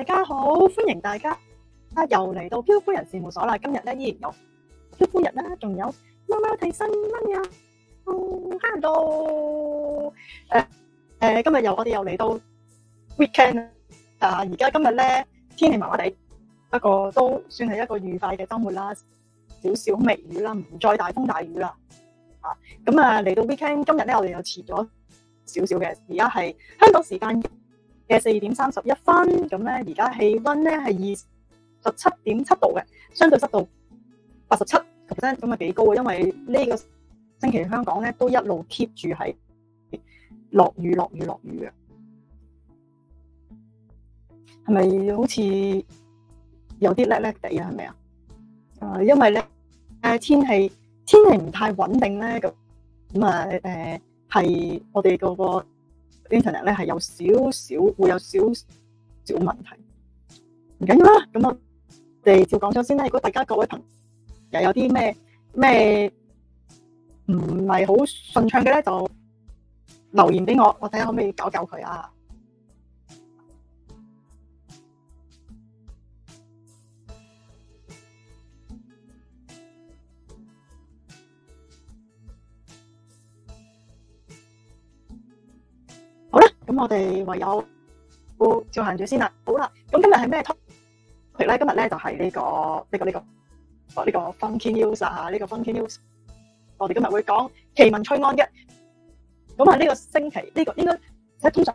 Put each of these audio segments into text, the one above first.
大家好，歡迎大家啊！又嚟到漂夫人事務所啦。今日咧依然有漂夫人啦，仲有貓貓睇新聞呀。Hello，誒誒，今日又我哋又嚟到 weekend 啦。啊，而家今日咧天氣麻麻地，不過都算係一個愉快嘅周末啦，少少微雨啦，唔再大風大雨啦。啊，咁啊嚟到 weekend，今日咧我哋又遲咗少少嘅，而家係香港時間。四點三十一分，咁咧而家氣溫咧係二十七點七度嘅，相對濕度八十七 percent，咁啊幾高，因為呢個星期香港都一路 keep 住係落雨，落雨，落雨嘅，係咪好似有啲叻叻地呀？係咪、呃、因為咧天氣天氣唔太穩定呢。咁咁啊係我哋嗰、那個。Internet 咧係有少少會有少少問題，唔緊要啦。咁我哋照講咗先啦。如果大家各位朋友有啲咩咩唔係好順暢嘅咧，就留言畀我，我睇下可唔可以搞搞佢啊。咁我哋唯有照行住先啦。好啦，咁今日係咩 topic 咧？今日咧就係呢、呢個呢、呢個呢、呢個呢個 funky news 啊！呢個 funky news 我哋今日會講奇聞趣案嘅。咁喺呢個星期，呢、呢個應該即係通常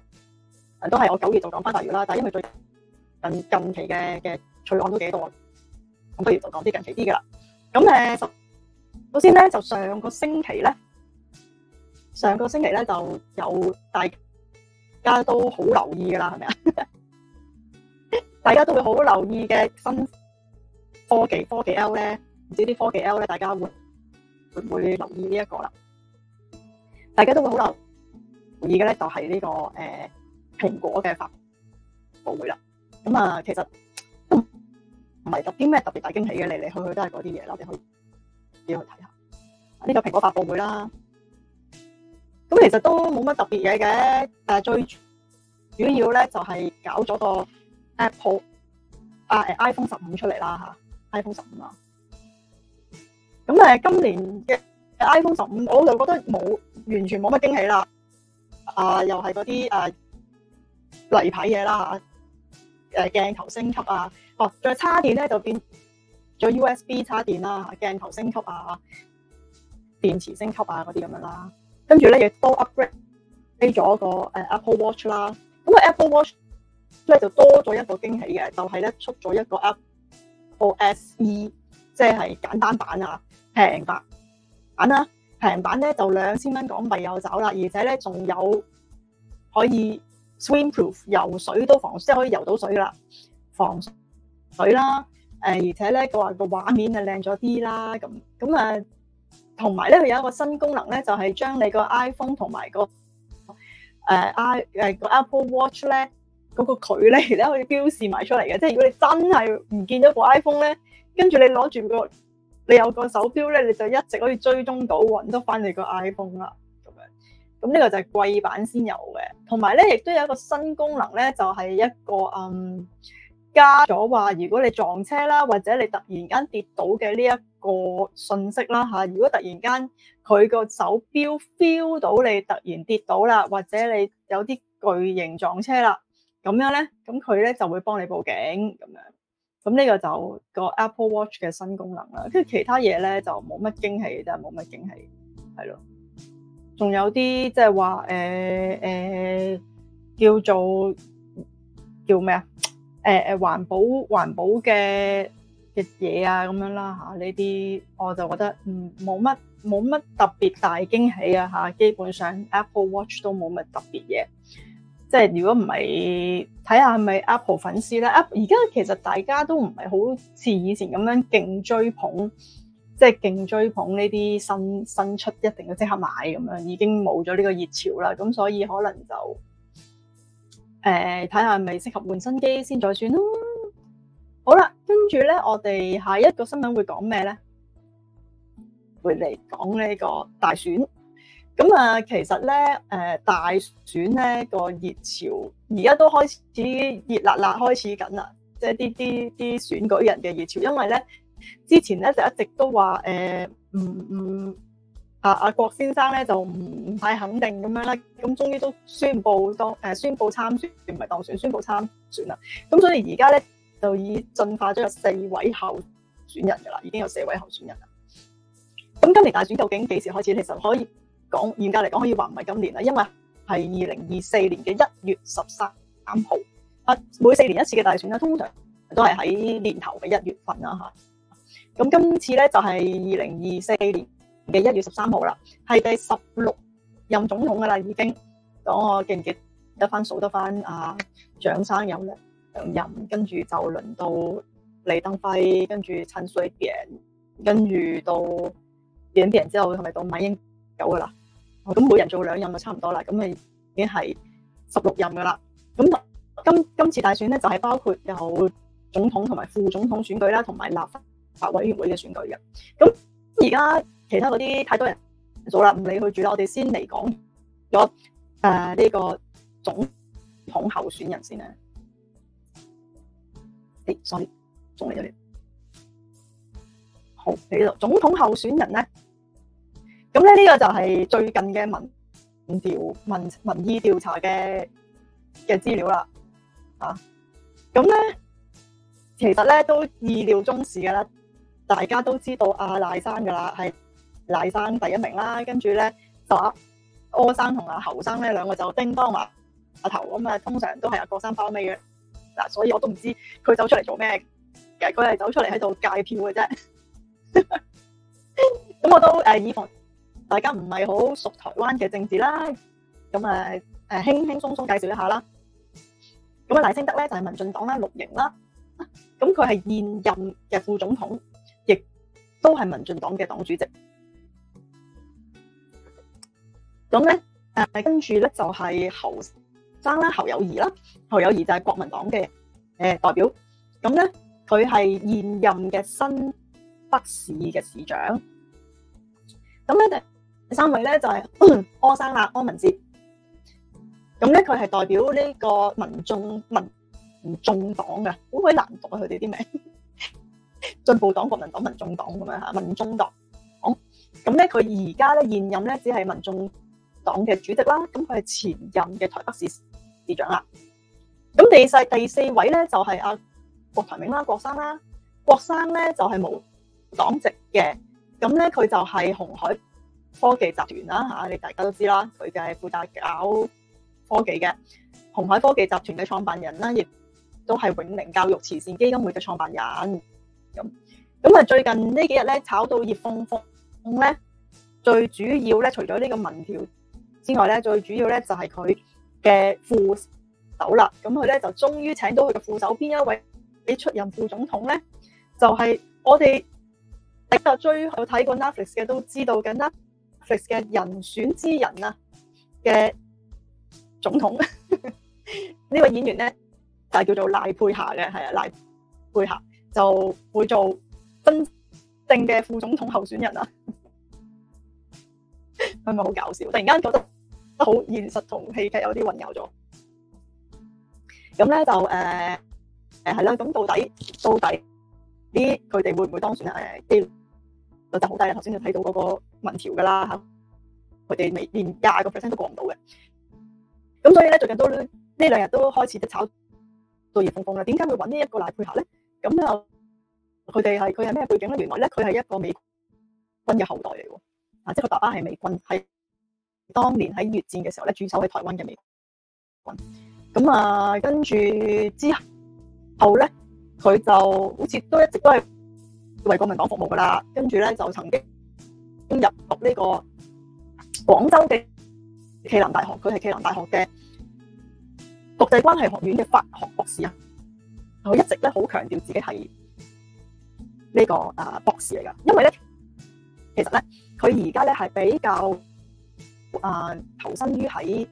都係我九月就講翻八月啦。但係因為最近近期嘅嘅趣案都幾多，咁不如就講啲近期啲嘅啦。咁誒，首先咧就上個星期咧，上個星期咧就有大。大家都好留意噶啦，係咪啊？ 大家都會好留意嘅新科技，科技 L 咧，唔知啲科技 L 咧，大家會會唔會留意呢一個啦？大家都會好留意嘅咧、這個，就係呢個誒蘋果嘅發布會啦。咁啊，其實都唔係特啲咩特別大驚喜嘅，嚟嚟去去都係嗰啲嘢啦。我哋可以要去睇下呢個蘋果發布會啦。咁其實都冇乜特別嘢嘅，誒最主要咧就係搞咗個 Apple 啊，啊，iPhone 十五出嚟啦吓，iPhone 十五啦。咁誒、啊，今年嘅 iPhone 十五，我就覺得冇完全冇乜驚喜啦。啊，又係嗰啲誒例牌嘢啦吓，誒、啊、鏡頭升級啊，哦、啊，再叉電咧就變咗 USB 叉電啦，鏡、啊、頭升級啊，電池升級啊嗰啲咁樣啦。跟住咧亦都 upgrade 咗個誒 Apple Watch 啦，咁、個 Apple Watch 咧就多咗一個驚喜嘅，就係、是、咧出咗一個 Apple SE，即係簡單版啊，平版、啊、版啦，平版咧就兩千蚊港幣又走啦，而且咧仲有可以 Swimproof 游水都防，即、就、係、是、可以游到水啦，防水啦，誒而且咧佢話個畫面啊靚咗啲啦，咁咁啊～同埋咧，佢有一個新功能咧，就係、是、將你個 iPhone 和、那個 iPhone 同埋個誒 i 誒個 Apple Watch 咧嗰、那個距離咧可以標示埋出嚟嘅。即係如果你真係唔見咗部 iPhone 咧，跟住你攞住個你有個手錶咧，你就一直可以追蹤到，搵得翻你個 iPhone 啦。咁樣，咁呢個就係貴版先有嘅。同埋咧，亦都有一個新功能咧，就係、是、一個嗯。加咗話，如果你撞車啦，或者你突然間跌倒嘅呢一個信息啦吓，如果突然間佢個手錶 feel 到你突然跌倒啦，或者你有啲巨型撞車啦，咁樣咧，咁佢咧就會幫你報警咁樣。咁呢個就個 Apple Watch 嘅新功能啦。跟住其他嘢咧就冇乜驚喜真係，冇乜驚喜係咯。仲有啲即係話誒誒叫做叫咩啊？誒、呃、誒，環保環保嘅嘅嘢啊，咁樣啦嚇，呢啲我就覺得唔冇乜冇乜特別大驚喜啊嚇，基本上 Apple Watch 都冇乜特別嘢，即係如果唔係睇下咪 Apple 粉絲咧 a 而家其實大家都唔係好似以前咁樣勁追捧，即、就、係、是、勁追捧呢啲新新出一定要即刻買咁樣，已經冇咗呢個熱潮啦，咁所以可能就。誒，睇下係咪適合換新機先再算啦。好啦，跟住咧，我哋下一個新聞會講咩咧？會嚟講呢個大選。咁、嗯、啊，其實咧，誒、呃、大選咧、呢個熱潮，而家都開始熱辣辣開始緊啦。即係啲啲啲選舉人嘅熱潮，因為咧之前咧就一直都話誒唔唔。呃嗯嗯阿、啊、阿郭先生咧就唔太肯定咁樣啦，咁終於都宣布當誒宣布參選，唔係當選，宣布參選啦。咁所以而家咧就已經進化咗有四位候選人噶啦，已經有四位候選人啦。咁今年大選究竟幾時開始？其實可以講，嚴格嚟講，說可以話唔係今年啦，因為係二零二四年嘅一月十三號。啊，每四年一次嘅大選咧，通常都係喺年頭嘅一月份啦嚇。咁今次咧就係二零二四年。嘅一月十三號啦，係第十六任總統噶啦，已經，我記唔記得翻數得翻啊，蔣生有兩兩任，跟住就輪到李登輝，跟住陳水扁，跟住到尹炳之後，係咪到馬英九噶啦？咁每人做兩任就差唔多啦，咁咪已經係十六任噶啦。咁今今次大選咧，就係、是、包括有總統同埋副總統選舉啦，同埋立法委員會嘅選舉嘅。咁而家。其他嗰啲太多人咗啦，唔理佢住啦。我哋先嚟講咗誒呢個總統候選人先啦。跌，sorry，仲未好喺度，總統候選人咧，咁咧呢個就係最近嘅民調民調民，民意調查嘅嘅資料啦。啊，咁咧其實咧都意料中事嘅啦，大家都知道阿賴山噶啦係。賴生第一名啦，跟住咧就阿柯生同阿侯生咧，兩個就叮當埋阿頭咁啊。通常都係阿郭生包尾嘅嗱，所以我都唔知佢走出嚟做咩。其實佢係走出嚟喺度界票嘅啫。咁 我都誒，以防大家唔係好熟台灣嘅政治啦，咁啊誒，輕輕鬆鬆介紹一下啦。咁啊，賴清德咧就係、是、民進黨啦，綠營啦。咁佢係現任嘅副總統，亦都係民進黨嘅黨主席。咁、嗯、咧，誒跟住咧就係侯生啦，侯友宜啦，侯友宜就係國民黨嘅誒代表。咁、嗯、咧，佢係現任嘅新北市嘅市長。咁、嗯、咧，第三位咧就係、是嗯、柯生啊，柯文哲。咁、嗯、咧，佢係代表呢個民眾民、民眾黨嘅，會唔會難讀佢哋啲名進步黨、國民黨、民眾黨咁樣嚇？民眾黨。咁咁咧，佢而家咧現任咧只係民眾。黨嘅主席啦，咁佢係前任嘅台北市市長啦。咁第四第四位咧就係阿郭台銘啦，郭生啦，郭生咧就係冇黨籍嘅。咁咧佢就係鴻海科技集團啦吓，你大家都知啦，佢就係負責搞科技嘅鴻海科技集團嘅創辦人啦，亦都係永齡教育慈善基金會嘅創辦人。咁咁啊，最近呢幾日咧炒到熱風風咧，最主要咧除咗呢個民調，之外咧，最主要咧就係佢嘅副手啦。咁佢咧就終於請到佢嘅副手，邊一位俾出任副總統咧？就係、是、我哋比較最後睇過 Netflix 嘅都知道嘅 Netflix 嘅人選之人啊嘅總統呢 位演員咧就係、叫做賴佩霞嘅，係啊賴佩霞就會做真正嘅副總統候選人啊！係咪好搞笑？突然間覺得。都好現實同戲劇有啲混淆咗，咁咧就誒誒係啦。咁、呃、到底到底呢？佢哋會唔會當選啊？係就就好大。人頭先就睇到嗰個民調噶啦嚇，佢哋未連廿個 percent 都過唔到嘅。咁所以咧，最近都呢兩日都開始炒到熱風風啦。點解會揾呢一個賴佩霞咧？咁又佢哋係佢係咩背景咧？原來咧，佢係一個美軍嘅後代嚟喎，啊即係佢爸爸係美軍係。當年喺越戰嘅時候咧，駐守喺台灣嘅，美軍咁啊，跟住之後咧，佢就好似都一直都係為國民黨服務噶啦。跟住咧，就曾經入讀呢個廣州嘅暨南大學，佢係暨南大學嘅國際關係學院嘅法學博士啊。佢一直咧好強調自己係呢個啊博士嚟噶，因為咧，其實咧，佢而家咧係比較。啊！投身於喺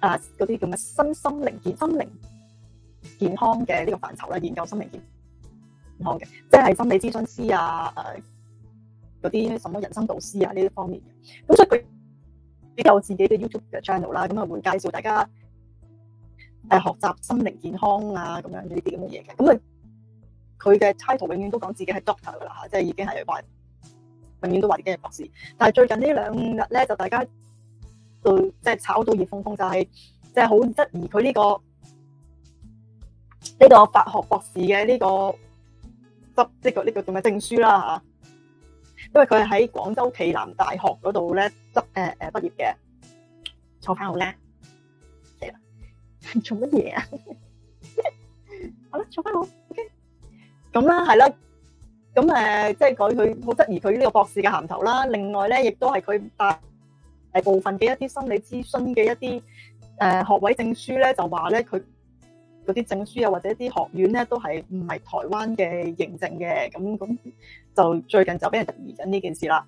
啊嗰啲叫咩心心靈健心靈健康嘅呢個範疇啦，研究心靈健康嘅，即係心理諮詢師啊，嗰、啊、啲什麼人生導師啊呢啲方面嘅。咁所以佢比較自己嘅 YouTube 嘅 channel 啦，咁啊會介紹大家誒學習心靈健康啊，咁樣呢啲咁嘅嘢嘅。咁啊，佢嘅 title 永遠都講自己係 doctor 噶啦吓，即、就、係、是、已經係話。永遠都話自己係博士，但係最近呢兩日咧就大家就即係炒到熱烘烘，就係即係好質疑佢呢個呢個法學博士嘅呢個執即係佢呢個咁嘅證書啦吓，因為佢係喺廣州暨南大學嗰度咧執誒誒畢業嘅，坐翻好咧，係啦， 做乜嘢啊？ 好啦，坐翻好，OK，咁啦，係啦。咁誒，即係佢佢好質疑佢呢個博士嘅銜頭啦。另外咧，亦都係佢大誒部分嘅一啲心理諮詢嘅一啲誒學位證書咧，就話咧佢嗰啲證書啊，或者啲學院咧，都係唔係台灣嘅認證嘅。咁咁就最近就俾人質疑緊呢件事啦。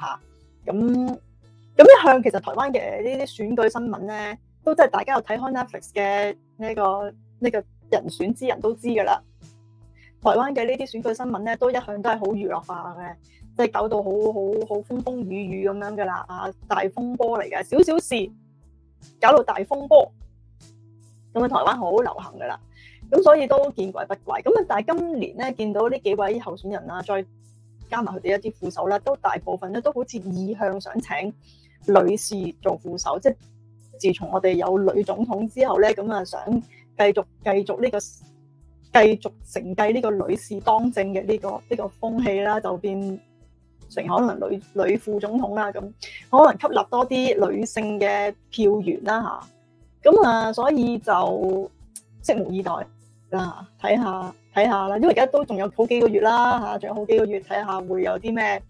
嚇，咁咁一向其實台灣嘅呢啲選舉新聞咧，都即係大家有睇開《Netflix》嘅呢個呢個人選之人都知噶啦。台灣嘅呢啲選舉新聞咧，都一向都係好娛樂化嘅，即係搞到好好好風風雨雨咁樣嘅啦，大風波嚟嘅，小小事搞到大風波，咁啊台灣好流行嘅啦，咁所以都見怪不怪。咁啊，但係今年咧見到呢幾位候選人啊，再加埋佢哋一啲副手啦，都大部分咧都好似意向想請女士做副手，即係自從我哋有女總統之後咧，咁啊想繼續繼續呢個。繼續承繼呢個女士當政嘅呢個呢個風氣啦，就變成可能女女副總統啦咁，可能吸納多啲女性嘅票源啦吓，咁啊，所以就拭目以待嗱，睇下睇下啦。因為而家都仲有好幾個月啦嚇，仲有好幾個月睇下會有啲咩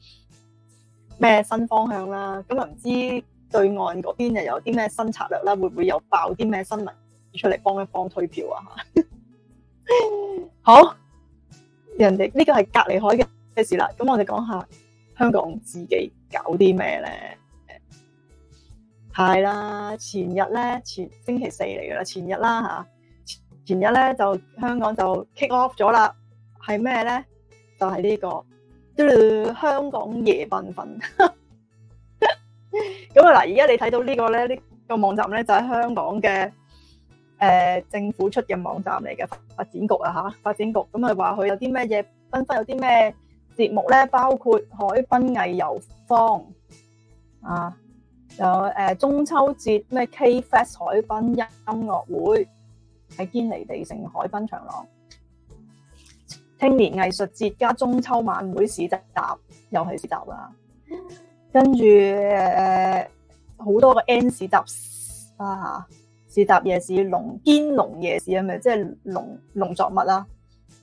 咩新方向啦。咁啊，唔知對岸嗰邊又有啲咩新策略啦，會唔會有爆啲咩新聞出嚟幫一幫退票啊？好，人哋呢個係隔離海嘅事啦，咁我哋講下香港自己搞啲咩咧？係啦，前日咧，前星期四嚟噶啦，前日啦吓，前日咧就香港就 kick off 咗啦，係咩咧？就係呢個香港夜繽紛。咁啊嗱，而家你睇到呢個咧，呢個網站咧就係香港嘅。誒、呃、政府出嘅網站嚟嘅，發展局啊，嚇發展局咁啊話佢有啲咩嘢，分分有啲咩節目咧，包括海濱藝遊坊，啊，有誒、呃、中秋節咩 K Fest 海濱音樂會、喺堅尼地城海濱長廊，青年藝術節加中秋晚會市集集，又係市集啦，跟住誒好多個 N 市集啊。市集夜市農兼農夜市係咪？即係農農作物啦。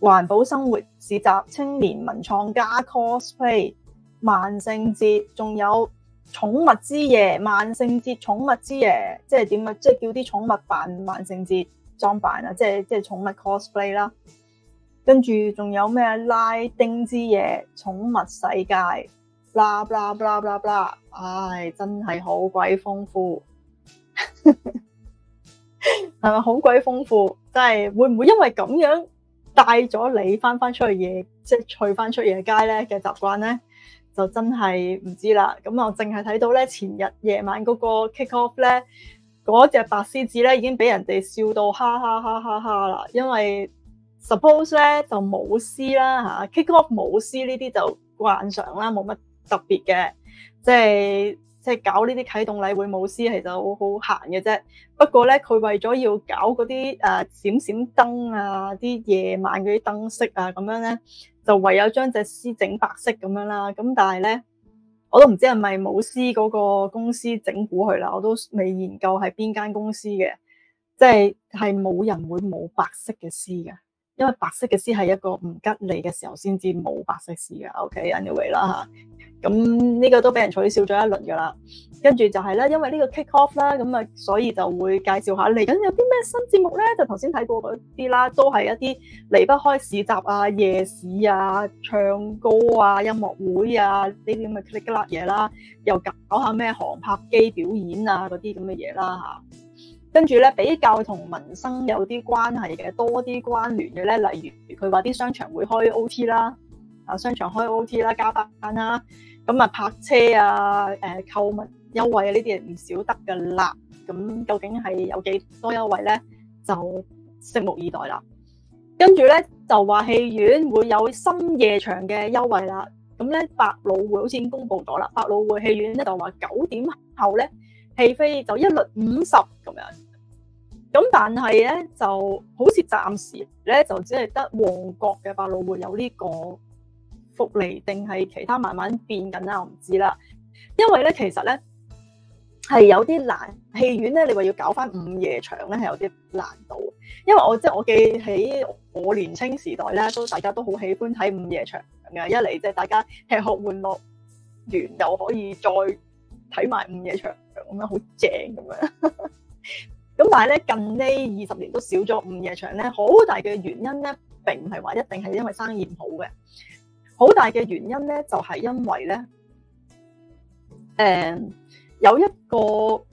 環保生活市集、青年文創家 cosplay 萬聖節，仲有寵物之夜萬聖節，寵物之夜即係點啊？即係叫啲寵物扮萬聖節裝扮啊！即係即係寵物 cosplay 啦。跟住仲有咩拉丁之夜、寵物世界、啦啦啦啦啦啦，唉，真係好鬼豐富。 係咪好鬼豐富？即係會唔會因為咁樣帶咗你翻翻出去夜，即係去翻出夜街咧嘅習慣咧，就真係唔知啦。咁我淨係睇到咧前日夜晚嗰個 kick off 咧，嗰隻白獅子咧已經俾人哋笑到哈哈哈哈哈哈啦。因為 suppose 咧就舞獅啦吓，kick off 舞獅呢啲就慣常啦，冇乜特別嘅，即係。即係搞呢啲啟動禮會舞獅其實好好閒嘅啫。不過咧，佢為咗要搞嗰啲誒閃閃燈啊，啲夜晚嗰啲燈飾啊咁樣咧，就唯有將隻獅整白色咁樣啦。咁但係咧，我都唔知係咪舞獅嗰個公司整蠱佢啦。我都未研究係邊間公司嘅，即係係冇人會冇白色嘅獅嘅。因為白色嘅絲係一個唔吉利嘅時候先至冇白色絲嘅，OK？Anyway 啦吓，咁、OK? 呢、anyway, 個都俾人取笑咗一輪噶啦。跟住就係咧，因為呢個 kick off 啦，咁啊，所以就會介紹下嚟緊有啲咩新節目咧。就頭先睇過嗰啲啦，都係一啲離不開市集啊、夜市啊、唱歌啊、音樂會啊呢啲咁嘅 click 啦嘢啦，又搞下咩航拍機表演啊嗰啲咁嘅嘢啦吓。跟住咧，比較同民生有啲關係嘅多啲關聯嘅咧，例如佢話啲商場會開 OT 啦，啊商場開 OT 啦，加班啦，咁啊泊車啊，誒、呃、購物優惠啊，呢啲唔少得嘅啦。咁究竟係有幾多優惠咧？就拭目以待啦。跟住咧就話戲院會有深夜場嘅優惠啦。咁咧百老匯好似已經公佈咗啦，百老匯戲院咧就話九點後咧戲飛就一律五十咁樣。咁但係咧，就好似暫時咧，就只係得旺角嘅百老匯有呢個福利，定係其他慢慢變緊啦，我唔知啦。因為咧，其實咧係有啲難，戲院咧，你話要搞返午夜場咧，係有啲難度的。因為我即係、就是、我記起我年青時代咧，都大家都好喜歡睇午夜場嘅，一嚟即係大家吃喝玩樂完又可以再睇埋午夜場咁樣，好正咁樣。咁但係咧，近呢二十年都少咗午夜場咧，好大嘅原因咧，並唔係話一定係因為生意唔好嘅，好大嘅原因咧就係因為咧，誒、嗯、有一個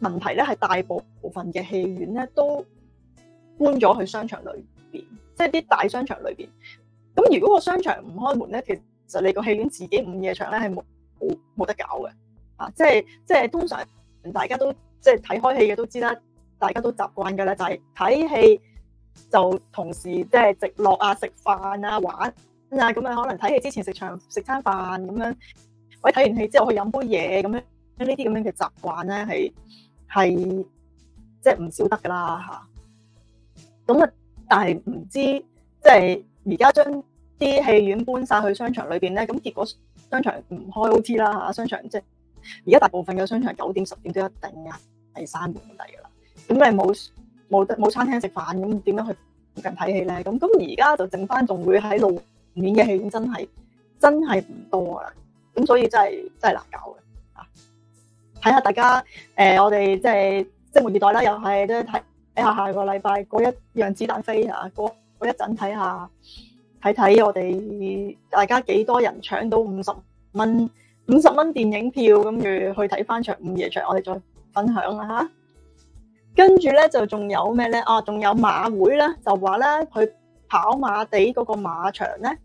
問題咧係大部分嘅戲院咧都搬咗去商場裏邊，即係啲大商場裏邊。咁如果個商場唔開門咧，其實你個戲院自己午夜場咧係冇冇冇得搞嘅，啊，即係即係通常大家都即係睇開戲嘅都知啦。大家都習慣噶啦，就係睇戲就同時即係直落啊、食飯啊、玩啊咁啊。可能睇戲之前食場食餐飯咁樣，喂睇完戲之後去飲杯嘢咁樣。呢啲咁樣嘅習慣咧，係係即係唔少得噶啦嚇。咁啊，但係唔知即係而家將啲戲院搬晒去商場裏邊咧，咁結果商場唔開 O T 啦嚇、啊。商場即係而家大部分嘅商場九點十點都一定啊係閂門嚟噶啦。咁你冇冇冇餐廳食飯，咁點樣去附近睇戲咧？咁咁而家就剩翻，仲會喺路面嘅戲院，真係真係唔多啦。咁所以真係真係難搞嘅。啊，睇下大家、呃、我哋、就是、即係即係末代啦，又係都睇睇下下個禮拜嗰一樣子彈飛嚇，嗰一陣睇下睇睇我哋大家幾多人搶到五十蚊五十蚊電影票，咁住去睇翻場午夜場，我哋再分享啦嚇。跟住咧就仲有咩咧？啊，仲有馬會咧，就話咧佢跑馬地嗰個馬場咧，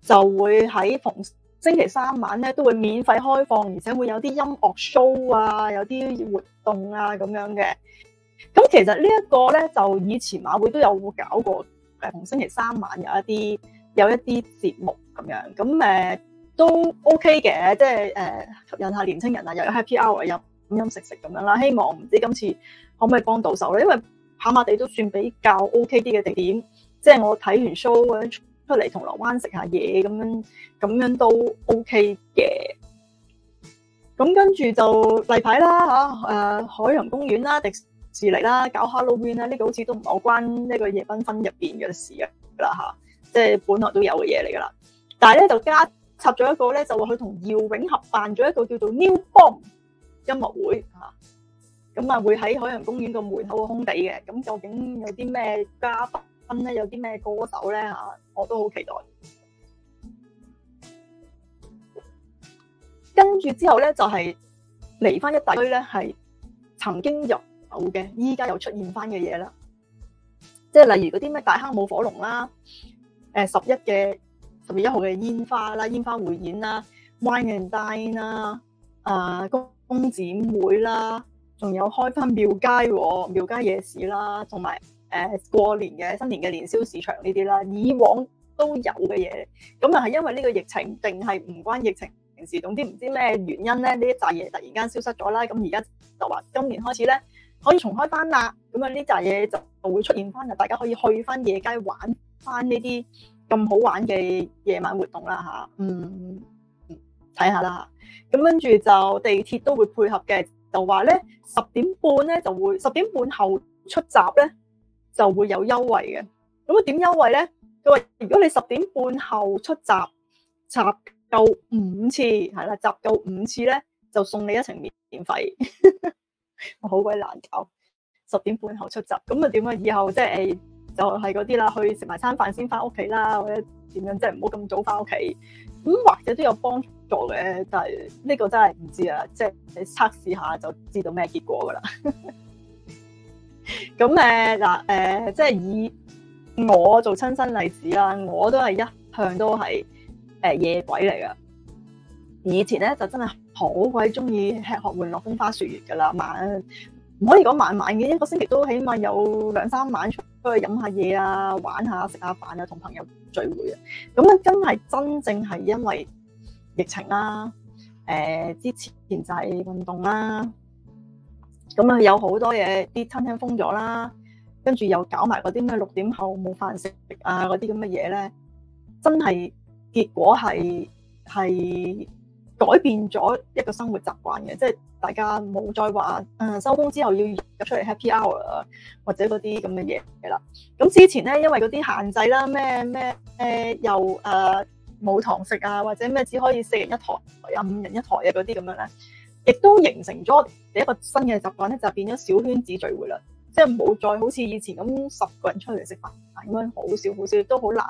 就會喺逢星期三晚咧都會免費開放，而且會有啲音樂 show 啊，有啲活動啊咁樣嘅。咁其實這呢一個咧就以前馬會都有搞過，誒，逢星期三晚有一啲有一啲節目咁樣，咁誒、呃、都 OK 嘅，即係誒吸引下年輕人啊，又有 happy hour 又飲飲食食咁樣啦。希望唔知今次。可唔可以幫到手咧？因為跑馬地都算比較 OK 啲嘅地點，即係我睇完 show 出嚟銅鑼灣食下嘢咁樣，咁樣都 OK 嘅。咁跟住就例牌啦嚇，誒、啊、海洋公園啦、迪士尼啦、搞 Halloween 啦，呢、這個好似都唔係關呢個夜繽紛入邊嘅事啦嚇、啊，即係本來都有嘅嘢嚟噶啦。但係咧就加插咗一個咧，就話佢同姚永合辦咗一個叫做 New Bomb 音樂會嚇。啊咁啊，會喺海洋公園個門口個空地嘅。咁究竟有啲咩嘉賓咧？有啲咩歌手咧？啊，我都好期待。跟住之後咧，就係嚟翻一大堆咧，係曾經有嘅，依家又出現翻嘅嘢啦。即係例如嗰啲咩大坑舞火龍啦，誒十一嘅十月一號嘅煙花啦，煙花匯演啦，wine and dine 啦，誒工展會啦。仲有開翻廟街、廟街夜市啦，同埋誒過年嘅新年嘅年宵市場呢啲啦，以往都有嘅嘢，咁又係因為呢個疫情定係唔關疫情，平時總之唔知咩原因咧，呢一紮嘢突然間消失咗啦，咁而家就話今年開始咧，可以重開翻啦，咁啊呢扎嘢就會出現翻啦，大家可以去翻夜街玩翻呢啲咁好玩嘅夜晚活動啦吓，嗯，睇下啦，咁跟住就地鐵都會配合嘅。就話咧十點半咧就會十點半後出閘咧就會有優惠嘅。咁啊點優惠咧？佢話如果你十點半後出閘，集夠五次係啦，集夠五次咧就送你一程免費，我好鬼難搞！十點半後出閘咁啊點啊？以後即係誒就係嗰啲啦，去食埋餐飯先翻屋企啦，或者點樣即係唔好咁早翻屋企，咁或者都有幫。嘅，但係呢個真係唔知啊，即係你測試下就知道咩結果噶啦。咁誒嗱誒，即係以我做親身例子啦，我都係一向都係誒夜鬼嚟噶。以前咧就真係好鬼中意吃喝玩樂、風花雪月噶啦，晚唔可以講晚晚嘅，一個星期都起碼有兩三晚出去飲下嘢啊，玩下、食下飯啊，同朋友聚會啊。咁咧，真係真正係因為。疫情、啊呃啊、天啦，誒之前限制運動啦，咁啊有好多嘢啲餐廳封咗啦，跟住又搞埋嗰啲咩六點後冇飯食啊嗰啲咁嘅嘢咧，真係結果係係改變咗一個生活習慣嘅，即係大家冇再話誒收工之後要出嚟 happy hour 或者嗰啲咁嘅嘢啦。咁之前咧，因為嗰啲限制啦，咩咩、呃、又誒。呃冇堂食啊，或者咩只可以四人一台啊、五人一台啊嗰啲咁樣咧，亦都形成咗第一個新嘅習慣咧，就變咗小圈子聚會啦，即係冇再好似以前咁十個人出嚟食飯，咁樣好少好少，都好難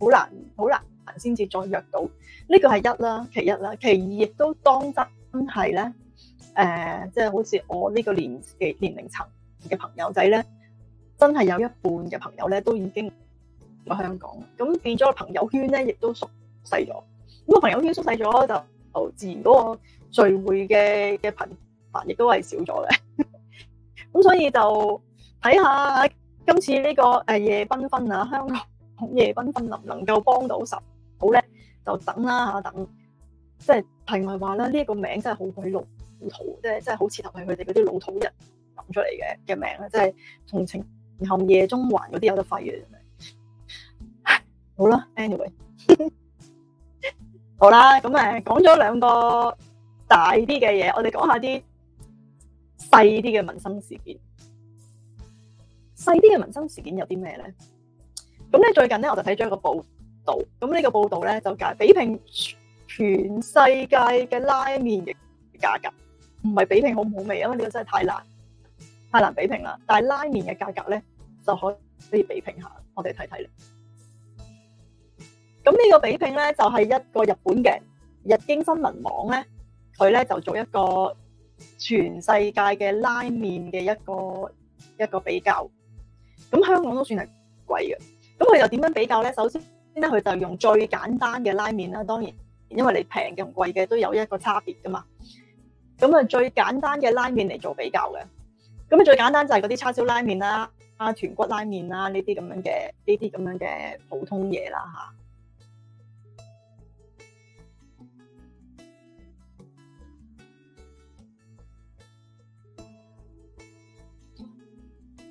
好難好難先至再約到。呢、這個係一啦，其一啦，其二亦都當真係咧，誒即係好似我呢個年紀年齡層嘅朋友仔咧，真係有一半嘅朋友咧都已經唔喺香港，咁變咗朋友圈咧亦都縮。細咗，咁個朋友圈縮細咗，就自然嗰個聚會嘅嘅頻繁亦都係少咗嘅。咁 所以就睇下今次呢個誒夜繽紛啊，香港夜繽紛能唔能夠幫到手好咧，就等啦吓，等即係題外話啦。呢、就是、個名真係好鬼老土，即係即係好似係佢哋嗰啲老土人諗出嚟嘅嘅名啦。即係同情。然後夜中環嗰啲有得廢嘅，真 係好啦吧，anyway。 好啦，咁誒，講咗兩個大啲嘅嘢，我哋講下啲細啲嘅民生事件。細啲嘅民生事件有啲咩咧？咁咧最近咧我就睇咗一個報道，咁呢個報道咧就叫比拼全世界嘅拉麵嘅價格，唔係比拼好唔好味啊嘛，因為呢個真係太難，太難比拼啦。但係拉麵嘅價格咧就可以比拼下，我哋睇睇啦。咁呢個比拼咧，就係一個日本嘅日經新聞網咧，佢咧就做一個全世界嘅拉麵嘅一個一個比較。咁香港都算係貴嘅。咁佢又點樣比較咧？首先咧，佢就用最簡單嘅拉麵啦。當然，因為你平嘅同貴嘅都有一個差別噶嘛。咁啊，最簡單嘅拉麵嚟做比較嘅。咁最簡單就係嗰啲叉燒拉麵啦、豚骨拉麵啦，呢啲咁樣嘅呢啲咁樣嘅普通嘢啦，嚇。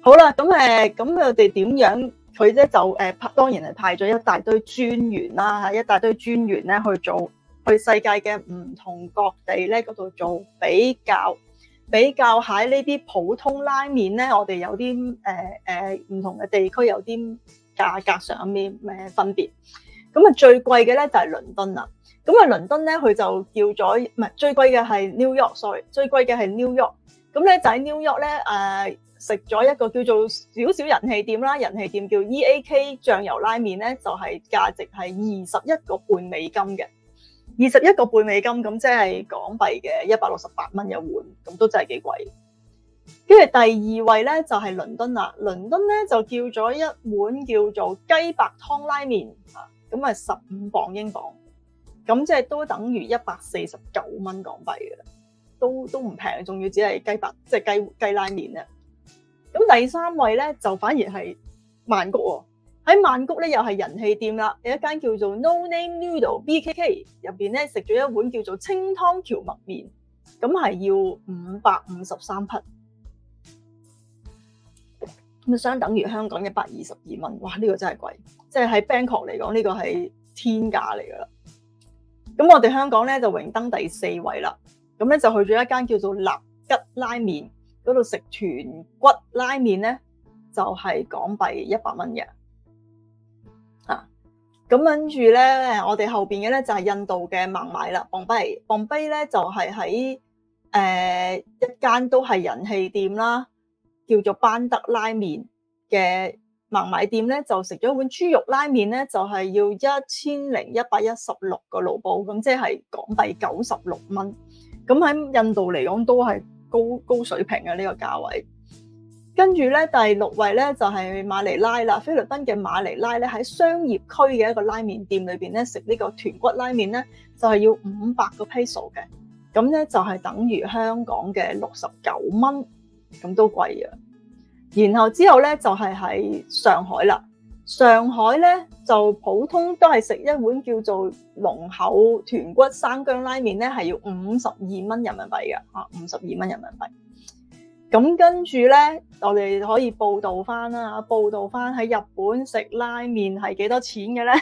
好啦，咁誒，咁我哋點樣佢咧就誒派、呃，當然係派咗一大堆專員啦，嚇，一大堆專員咧去做去世界嘅唔同各地咧嗰度做比較，比較喺呢啲普通拉麵咧，我哋有啲誒誒唔同嘅地區有啲價格上面咩分別。咁啊、就是，最貴嘅咧就係倫敦啦。咁啊，倫敦咧佢就叫咗唔係最貴嘅係 New York，sorry，最貴嘅係 New York。咁咧就喺 New York 咧誒。呃食咗一個叫做少少人氣店啦，人氣店叫 EAK 醬油拉麵咧，就係、是、價值係二十一個半美金嘅，二十一個半美金咁即係港幣嘅一百六十八蚊一碗，咁都真係幾貴。跟住第二位咧就係、是、倫敦啦，倫敦咧就叫咗一碗叫做雞白湯拉麵啊，咁啊十五磅英鎊，咁即係都等於一百四十九蚊港幣嘅啦，都都唔平，仲要只係雞白即係雞雞拉麵咧。咁第三位咧就反而係曼谷喎、哦，喺曼谷咧又係人氣店啦，有一間叫做 No Name Noodle BKK 入邊咧食咗一碗叫做清湯蕎麥麵，咁係要五百五十三匹，咁相等於香港嘅百二十二蚊，哇！呢、這個真係貴，即係喺 Bangkok 嚟講呢、這個係天價嚟噶啦。咁我哋香港咧就榮登第四位啦，咁咧就去咗一間叫做立吉拉麵。嗰度食豚骨拉麵咧，就係港幣一百蚊嘅嚇。咁跟住咧，我哋後邊嘅咧就係印度嘅孟買啦，磅卑。磅卑咧就係喺誒一間都係人氣店啦，叫做班德拉麵嘅孟買店咧，就食咗一碗豬肉拉麵咧，就係要一千零一百一十六個盧布，咁即係港幣九十六蚊。咁喺印度嚟講都係。高高水平嘅呢個價位，跟住咧第六位咧就係馬尼拉啦，菲律賓嘅馬尼拉咧喺商業區嘅一個拉麵店裏邊咧食呢個豚骨拉麵咧就係要五百個 peso 嘅，咁咧就係等於香港嘅六十九蚊，咁都貴啊。然後之後咧就係喺上海啦。上海咧就普通都係食一碗叫做龍口豚骨生姜拉麵咧，係要五十二蚊人民幣嘅。吓，五十二蚊人民幣。咁跟住咧，我哋可以報道翻啦，報道翻喺日本食拉麵係幾多錢嘅咧？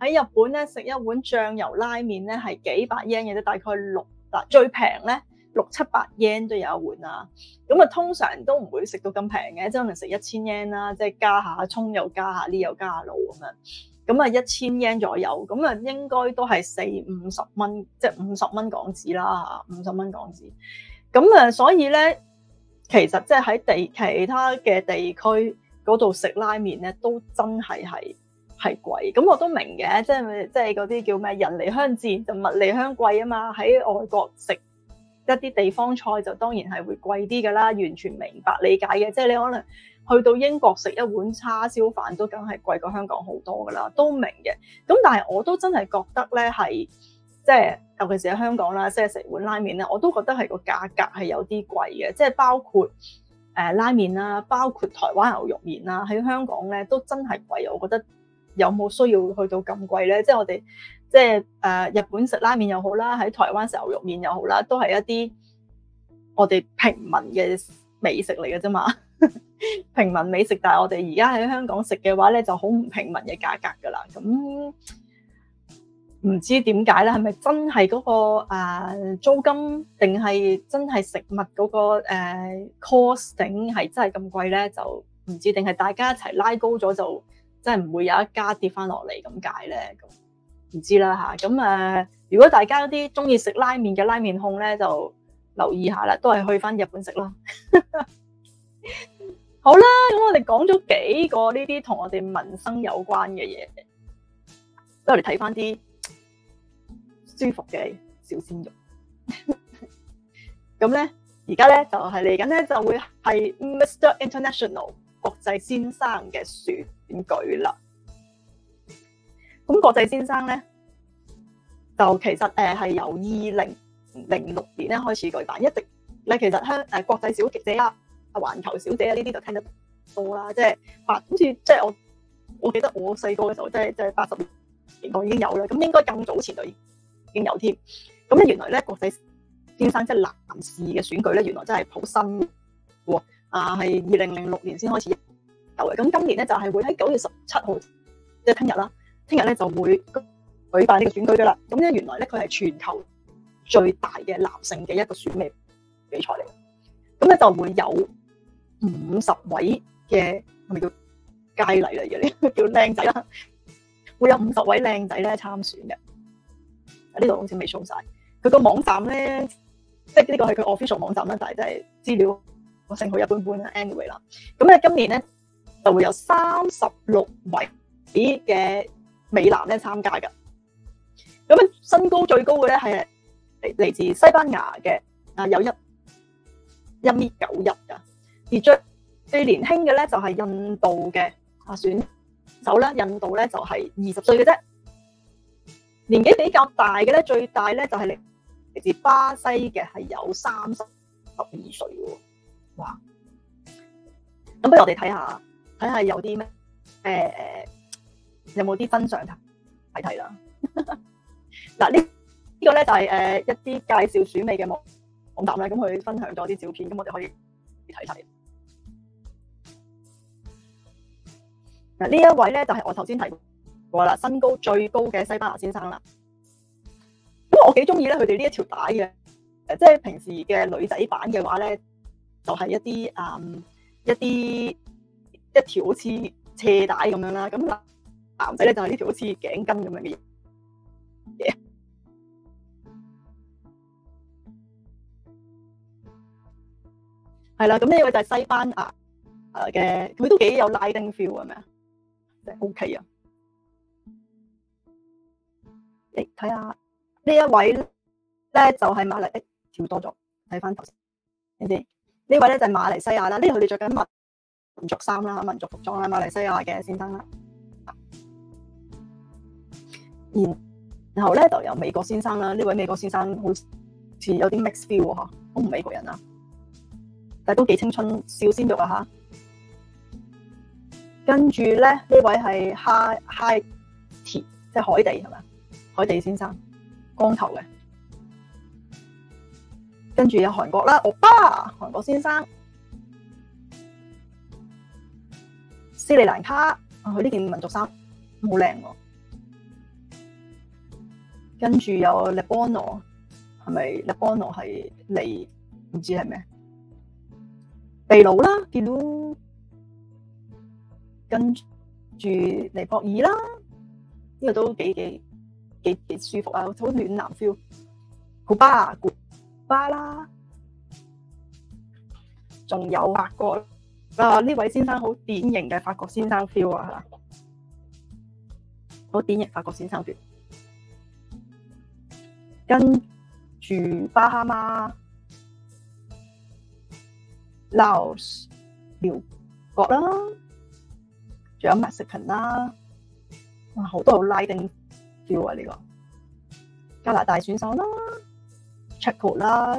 喺 日本咧食一碗醬油拉麵咧係幾百日圓嘅啫，大概六，最平咧。六七百 yen 都有一碗啊。咁啊通常都唔會食到咁平嘅，即係可能食、就是、一千 yen 啦，即係加下葱又加下呢又加下料咁樣，咁啊一千 yen 左右，咁啊應該都係四五十蚊，即係五十蚊港紙啦，五十蚊港紙，咁啊所以咧，其實即係喺地其他嘅地區嗰度食拉麵咧，都真係係係貴，咁我都明嘅，即係即係嗰啲叫咩人離鄉賤就物離鄉貴啊嘛，喺外國食。一啲地方菜就當然係會貴啲㗎啦，完全明白理解嘅，即係你可能去到英國食一碗叉燒飯都梗係貴過香港好多㗎啦，都明嘅。咁但係我都真係覺得咧係，即係尤其是喺、就是、香港啦，即係食碗拉麵啦，我都覺得係個價格係有啲貴嘅，即係包括誒拉麵啦，包括台灣牛肉麵啦，喺香港咧都真係貴。我覺得有冇需要去到咁貴咧？即係我哋。即係誒，日本食拉麵又好啦，喺台灣食牛肉麵又好啦，都係一啲我哋平民嘅美食嚟嘅啫嘛。 平民美食，但係我哋而家喺香港食嘅話咧，就好唔平民嘅價格噶啦。咁唔知點解咧？係咪真係嗰個誒租金定係真係食物嗰個誒 costing 係真係咁貴咧？就唔知定係大家一齊拉高咗就真係唔會有一家跌翻落嚟咁解咧？唔知啦吓，咁誒，如果大家啲中意食拉麵嘅拉麵控咧，就留意下啦，都係去翻日本食咯。 好啦，咁我哋講咗幾個呢啲同我哋民生有關嘅嘢，不如我哋睇翻啲舒服嘅小鮮肉。咁 咧，而家咧就係嚟緊咧就會係 Mr. International 國際先生嘅選舉啦。咁國際先生咧，就其實誒係由二零零六年咧開始舉辦，一直，你其實香誒國際小姐啊、環球小姐啊呢啲就聽得多啦，即係八，好似即係我，我記得我細個嘅時候，即係即係八十年代已經有啦，咁應該更早前就已經有添。咁咧原來咧國際先生即係、男、男士嘅選舉咧，原來真係好新喎，啊係二零零六年先開始有嘅，咁今年咧就係會喺九月十七號，即係聽日啦。聽日咧就會舉辦呢個選舉嘅啦。咁咧，原來咧佢係全球最大嘅男性嘅一個選美比賽嚟。咁咧就會有五十位嘅，係咪叫佳麗嚟嘅？而家叫靚仔啦，會有五十位靚仔咧參選嘅。呢度好似未送晒。佢個網站咧，即係呢個係佢 official 網站啦，但係真係資料性好一般般啦。anyway 啦，咁咧今年咧就會有三十六位嘅。美男咧參加㗎，咁樣身高最高嘅咧係嚟自西班牙嘅啊，有一一米九一㗎。而最最年輕嘅咧就係印度嘅啊選手啦，印度咧就係二十歲嘅啫。年紀比較大嘅咧，最大咧就係嚟嚟自巴西嘅，係有三十十二歲喎。哇！咁不如我哋睇下睇下有啲咩誒有冇啲分享睇睇啦？嗱，呢 呢、啊這個咧就係誒一啲介紹選美嘅網網站啦，咁佢分享咗啲照片，咁我哋可以睇睇。嗱、啊，呢一位咧就係我頭先提過啦，身高最高嘅西班牙先生啦。咁我幾中意咧，佢哋呢一條帶嘅，誒，即係平時嘅女仔版嘅話咧，就係、是、一啲誒、嗯、一啲一條好似斜帶咁樣啦，咁就。男仔咧就係呢條好似頸巾咁樣嘅嘢，係、yeah、啦。咁呢位就係西班牙嘅，佢都幾有拉丁 feel 啊？咩真即係 OK 啊！嚟睇下呢一位咧，就係馬來，跳多咗。睇翻頭先，呢位咧就馬來西亞啦。看這位呢度你着緊民族衫啦，民族服裝啦，馬來西亞嘅先生啦。然後後咧就有美國先生啦，呢位美國先生好似有啲 mixed feel 喎，好像唔美國人啊，但都幾青春小鮮肉啊，跟住這呢位係 Hi Hi Tea，即係海地係咪？海地先生，光頭嘅。跟住有韓國啦，歐巴，韓國先生。斯里蘭卡，佢、啊、呢件民族衫好靚喎。跟住有黎巴嫩，係咪黎巴嫩係嚟，唔知係咩秘魯啦，跟住尼泊爾啦，呢、呢個都幾幾幾幾舒服啊，好暖男 feel。古巴古巴啦，仲有法國啊！呢位先生好典型嘅法國先生 feel 啊，好典型的法國先生 feel。跟住巴哈馬、Laos 寮國啦，仲有 Mexican 啦，哇好多好拉定叫啊、這個！呢個加拿大選手啦 Czech 啦，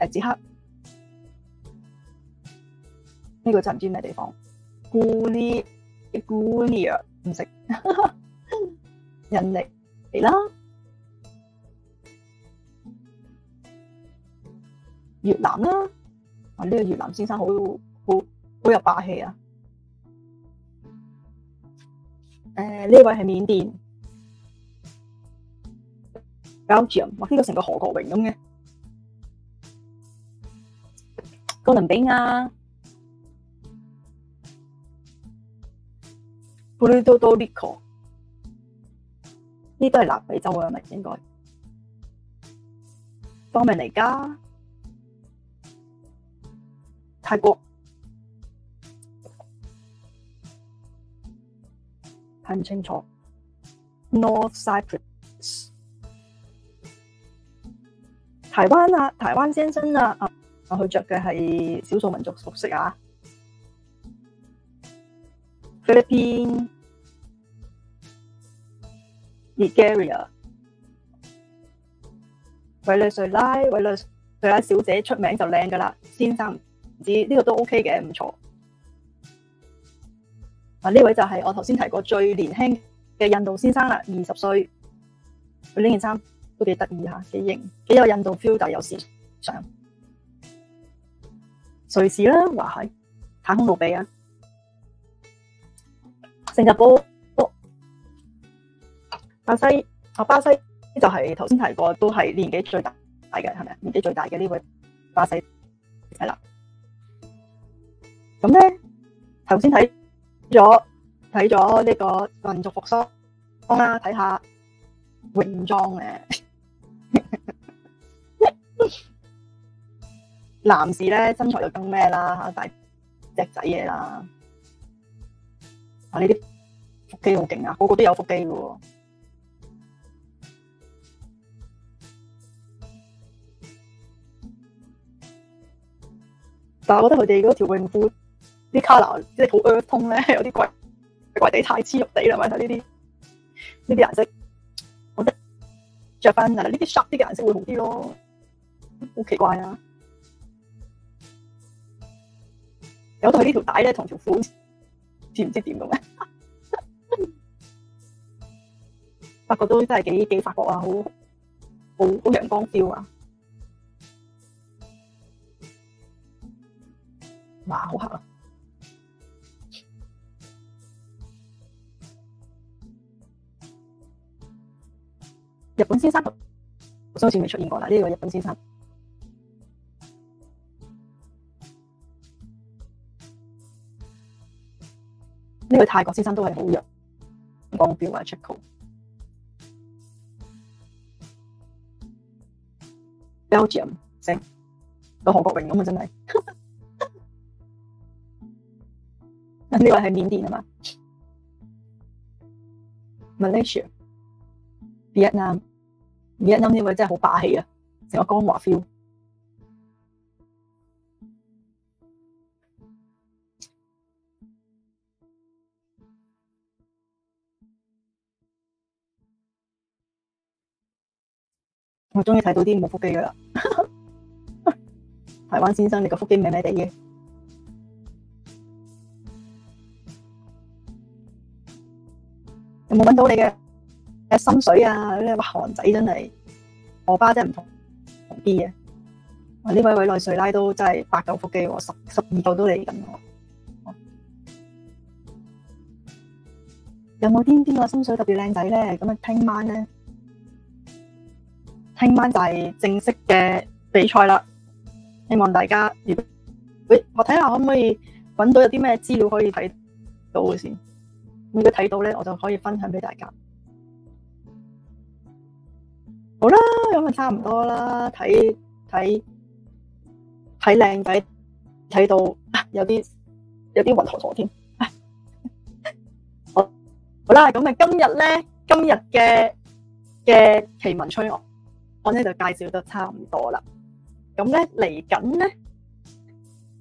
誒此刻呢個就唔知咩地方，Gulia，Gulia 唔識人力嚟啦。越南啦、啊，啊呢、這個越南先生好好好有霸氣啊！誒、呃、呢位係緬甸 Belgium 哇呢、這個成個何國榮咁嘅，哥倫比亞啊，Puerto Rico，呢都係南美洲啊咪應該，多米尼加。泰國，睇唔清楚，North Cyprus，台灣啊，台灣先生啊，我去着嘅係少數民族服飾啊，Philippine，Nigeria，委內瑞拉，委內瑞拉小姐出名就靚㗎喇，先生。指、這、呢個都 OK 嘅，唔錯。啊，呢位就係我頭先提過最年輕嘅印度先生啦，二十歲。佢呢件衫都幾得意吓，幾型，幾有印度 feel，但有時尚。瑞士啦、啊，話係，坦胸露背啊！新加坡、巴西啊，巴西呢、哦、就係頭先提過，都係年紀最大嘅，係咪年紀最大嘅呢位巴西係啦。咁咧，頭先睇咗睇咗呢個民族服裝啦，睇下泳裝嘅，男士咧身材又咁咩啦吓，大隻仔嘢啦，啊呢啲腹肌好勁啊，個個都有腹肌嘅，但係我覺得佢哋嗰條泳褲。啲 colour 即係好 earthy 通咧，係有啲怪怪地太黐肉地啦，睇呢啲呢啲顏色，我覺得著返嚟呢啲 sharp 啲嘅顏色會好啲咯，好奇怪啊！有睇呢條帶咧同條褲似唔知點嘅咩？發覺都真係幾幾發覺啊，好好好陽光照啊！哇，好黑啊！日本先生，好似未出現過啦。呢、這個日本先生，呢、這個泰國先生都係好弱。講邊啊 Checo，Belgium 即係我好過鬼影，真係。咁呢位係緬甸啊嘛，Malaysia，Vietnam。而一啲呢位真係好霸氣啊，成個光滑 feel。我終於睇到啲冇腹肌噶啦！ 台灣先生，你個腹肌咪咪哋嘅？有冇揾到你嘅？啲心水啊，呢個韓仔真係我巴真係唔同啲嘅。呢位委內瑞拉都真係八九腹肌，哦，十十二嚿都嚟緊。有冇邊個心水特別靚仔咧？咁啊，聽晚咧，聽晚就係正式嘅比賽啦。希望大家如果喂，欸，我睇下可唔可以搵到有啲咩資料可以睇到先。如果睇到咧，我就可以分享俾大家。好啦，咁咪差唔多啦，睇睇睇靚仔睇到、啊、有啲有啲暈陀陀添，好啦，咁咪今日咧，今日嘅嘅奇聞趣案，我呢度介紹得差唔多啦。咁咧嚟緊咧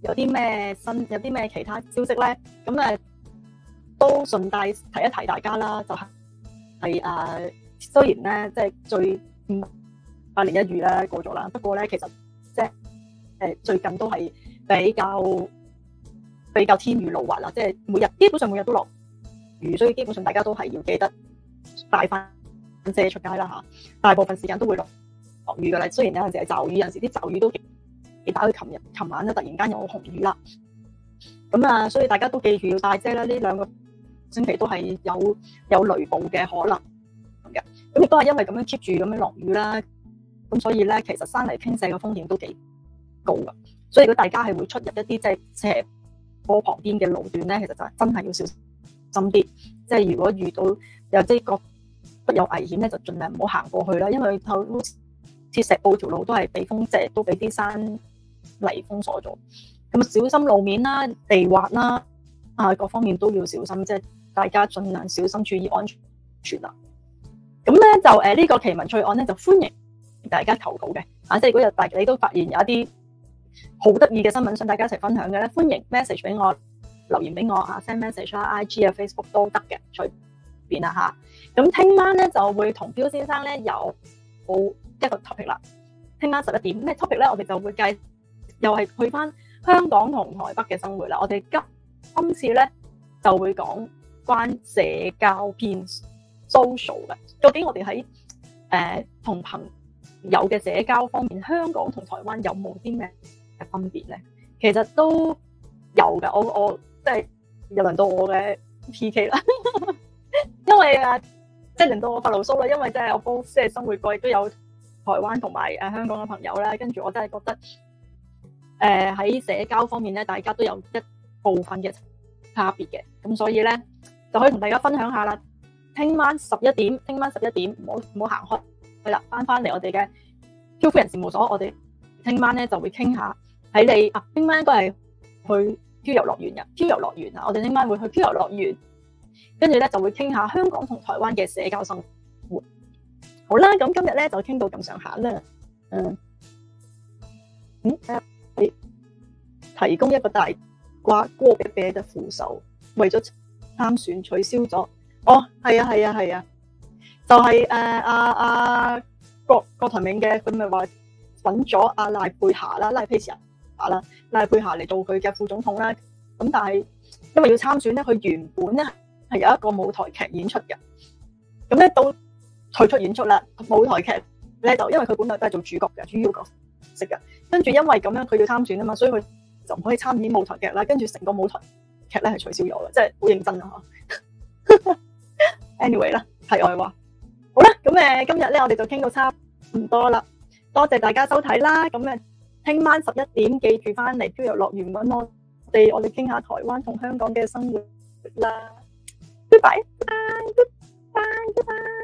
有啲咩新，有啲咩其他消息咧？咁啊，都順帶提一提大家啦，就係係誒，雖然咧即係最。嗯，八年一月咧，過咗啦，不過咧其實即係最近都係比較比較天雨路滑啦，即係每日基本上每日都落雨，所以基本上大家都係要記得帶翻遮出街啦吓。大部分時間都會落落雨噶啦，雖然有陣時係驟雨，有陣時啲驟雨都幾打去。佢琴日琴晚咧突然間有紅雨啦，咁啊，所以大家都記住要帶遮啦。呢兩個星期都係有有雷暴嘅可能。咁亦都係因為咁樣 keep 住咁樣落雨啦，咁所以咧，其實山泥傾瀉嘅風險都幾高噶。所以如果大家係會出入一啲即係斜坡旁邊嘅路段咧，其實就真係要小心啲。即係如果遇到有啲覺有危險咧，就盡量唔好行過去啦。因為頭黐石布條路都係被風石都俾啲山泥封鎖咗，咁小心路面啦、地滑啦啊，各方面都要小心。即係大家盡量小心，注意安全啦。咁咧就誒呢、這個奇聞趣案咧就歡迎大家投稿嘅嚇、啊，即係如果大你都發現有一啲好得意嘅新聞，想大家一齊分享嘅咧，歡迎 message 俾我，留言俾我啊，send message 啦、啊、，IG 啊，Facebook 都得嘅，隨便啦、啊、吓。咁聽晚咧就會同標先生咧有好一個 topic 啦。聽晚十一點咩 topic 咧？我哋就會介又係去翻香港同台北嘅生活啦。我哋今今次咧就會講關社交片。so 嘅，究竟我哋喺誒同朋友嘅社交方面，香港同台灣有冇啲咩嘅分別咧？其實都有嘅，我我即係又輪到我嘅 PK 啦， 因為啊，即係輪到我發牢騷啦，因為即係我都即係生活過，亦都有台灣同埋誒香港嘅朋友咧，跟住我真係覺得誒喺、呃、社交方面咧，大家都有一部分嘅差別嘅，咁所以咧就可以同大家分享下啦。聽晚十一點，聽晚十一點，唔好唔好行開，係啦，翻翻嚟我哋嘅漂夫人事務所，我哋聽晚咧就會傾下喺你。聽晚應該係去漂遊樂園嘅，漂遊樂園啊，我哋聽晚會去漂遊樂園，跟住咧就會傾下香港同台灣嘅社交生活。好啦，咁今日咧就傾到咁上下啦。嗯，你、嗯、提供一個大瓜，郭碧婷嘅副手，為咗參選取消咗。哦，係啊，係啊，係啊，就係誒阿阿郭郭台銘嘅，佢咪話揾咗阿賴佩霞啦，賴佩霞啊啦，賴佩霞嚟做佢嘅副總統啦。咁但係因為要參選咧，佢原本咧係有一個舞台劇演出嘅。咁咧到退出演出啦，舞台劇咧就因為佢本來都係做主角嘅，主要角色嘅。跟住因為咁樣佢要參選啊嘛，所以佢就唔可以參演舞台劇啦。跟住成個舞台劇咧係取消咗嘅，即係好認真啊！嚇。Anyway 啦，題外話，好啦，咁今日咧，我哋就傾到差唔多啦，多謝大家收睇啦，咁誒，聽晚十一點記住翻嚟漂遊樂園揾我哋，我哋傾下台灣同香港嘅生活啦，拜拜，拜拜，拜拜。